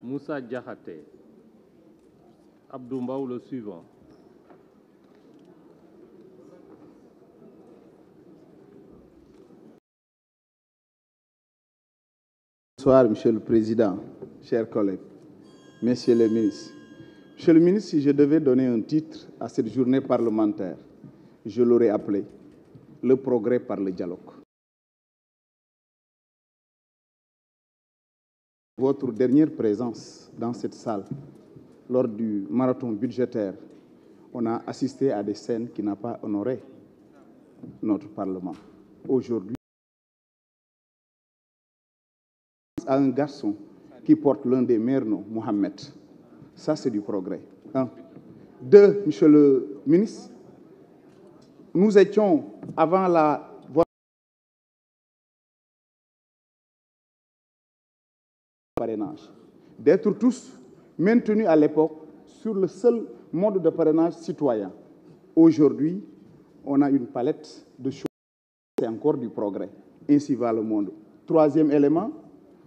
Moussa Djahate, Abdoumbaou le suivant. Bonsoir, Monsieur le Président, chers collègues, Messieurs les ministres. Monsieur le ministre, si je devais donner un titre à cette journée parlementaire, je l'aurais appelé Le progrès par le dialogue. votre dernière présence dans cette salle lors du marathon budgétaire, on a assisté à des scènes qui n'ont pas honoré notre Parlement. Aujourd'hui, à un garçon qui porte l'un des meilleurs noms, Mohamed. Ça, c'est du progrès. Hein. Deux, Monsieur le ministre, nous étions, avant la d'être tous maintenus à l'époque sur le seul mode de parrainage citoyen. Aujourd'hui, on a une palette de choses, c'est encore du progrès. Ainsi va le monde. Troisième élément,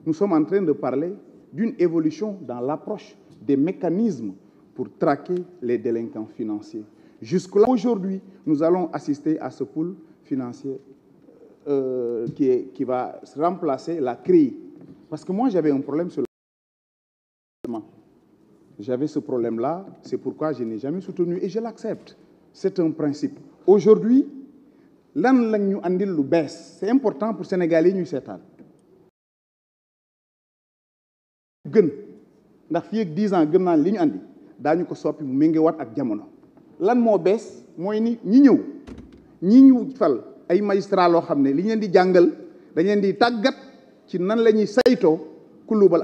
nous sommes en train de parler d'une évolution dans l'approche des mécanismes pour traquer les délinquants financiers. Jusque-là, aujourd'hui, nous allons assister à ce pool financier euh, qui, va remplacer la CRI. Parce que moi, j'avais un problème sur j'avais ce problème-là, c'est pourquoi je n'ai jamais soutenu et je l'accepte. C'est un principe. Aujourd'hui, lan lañ ñu andil lu bees c'est important pour Sénégalais yi ñuy seetaan gën ndax fii ak 10 ans gëm naa li ñu andi daañu ko soppi mu méngewaat ak jamono lan moo bees mooy ni ñi ñëw ñi ñu fal ay magistrat loo xam ne li ñu leen di tagat dañ leen di tàggat ci nan la ñuy saytoo ku luubal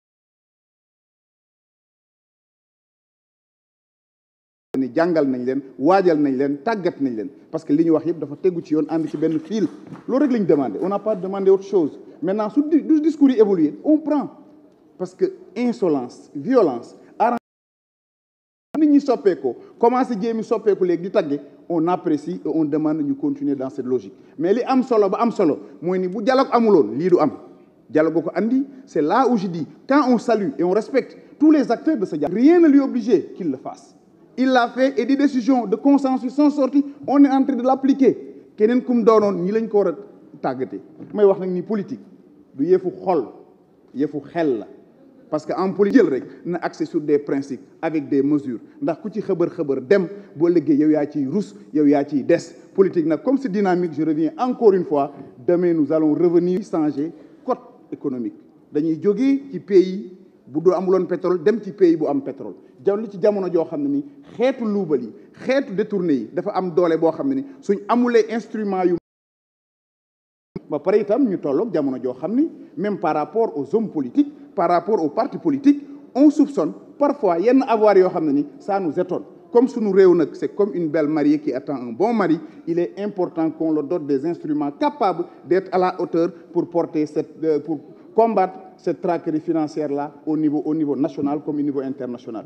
ni jangal nañ len waajal nañ len tagat nañ len parce que li wax yëpp dafa tegu ci yone and ci ben fil loolu rek liñ demander on n'a pas demandé autre chose maintenant sous du discours évolué on prend parce que insolence violence arrange nit soppé ko commencé soppé ko légui di on apprécie et on demande ñu continuer dans cette logique mais li am solo ba am solo moy ni bu dialogue amuloon li du am dialogue ko andi c'est là où je dis quand on salue et on respecte tous les acteurs de ce dialogue rien ne lui obligé qu'il le fasse il l'a fait et des décisions de consensus sont sorties on est en train de l'appliquer Kenen kum mu ni lañ ko war a may wax nak ni politique du yefu xol yefu xel parce que en politique on rek na axé sur des principes avec des mesures ndax ku ci xëbër xëbër dem bo liggéey yow ya ci rus yow des politique comme c'est dynamique je reviens encore une fois demain nous allons revenir changer code économique dañuy jógee ci pays bu doo amuloon pétrole dem ci pays bu am pétrole jawli ci jamono jo xamni ne ni xeetu luubal yi détourné yi dafa am doole bo xamni ni suñ amulé instrument yu ba paré itam ñu tollok jamono jo xamni même par rapport aux hommes politiques par rapport aux partis politiques on soupçonne parfois yenn avoir yo xamni ça nous étonne comme suñu nous réunions, c'est comme une belle mariée qui attend un bon mari il est important qu'on le dote des instruments capables d'être à la hauteur pour porter cette euh, pour combattre cette traquerie financière-là au niveau, au niveau national comme au niveau international.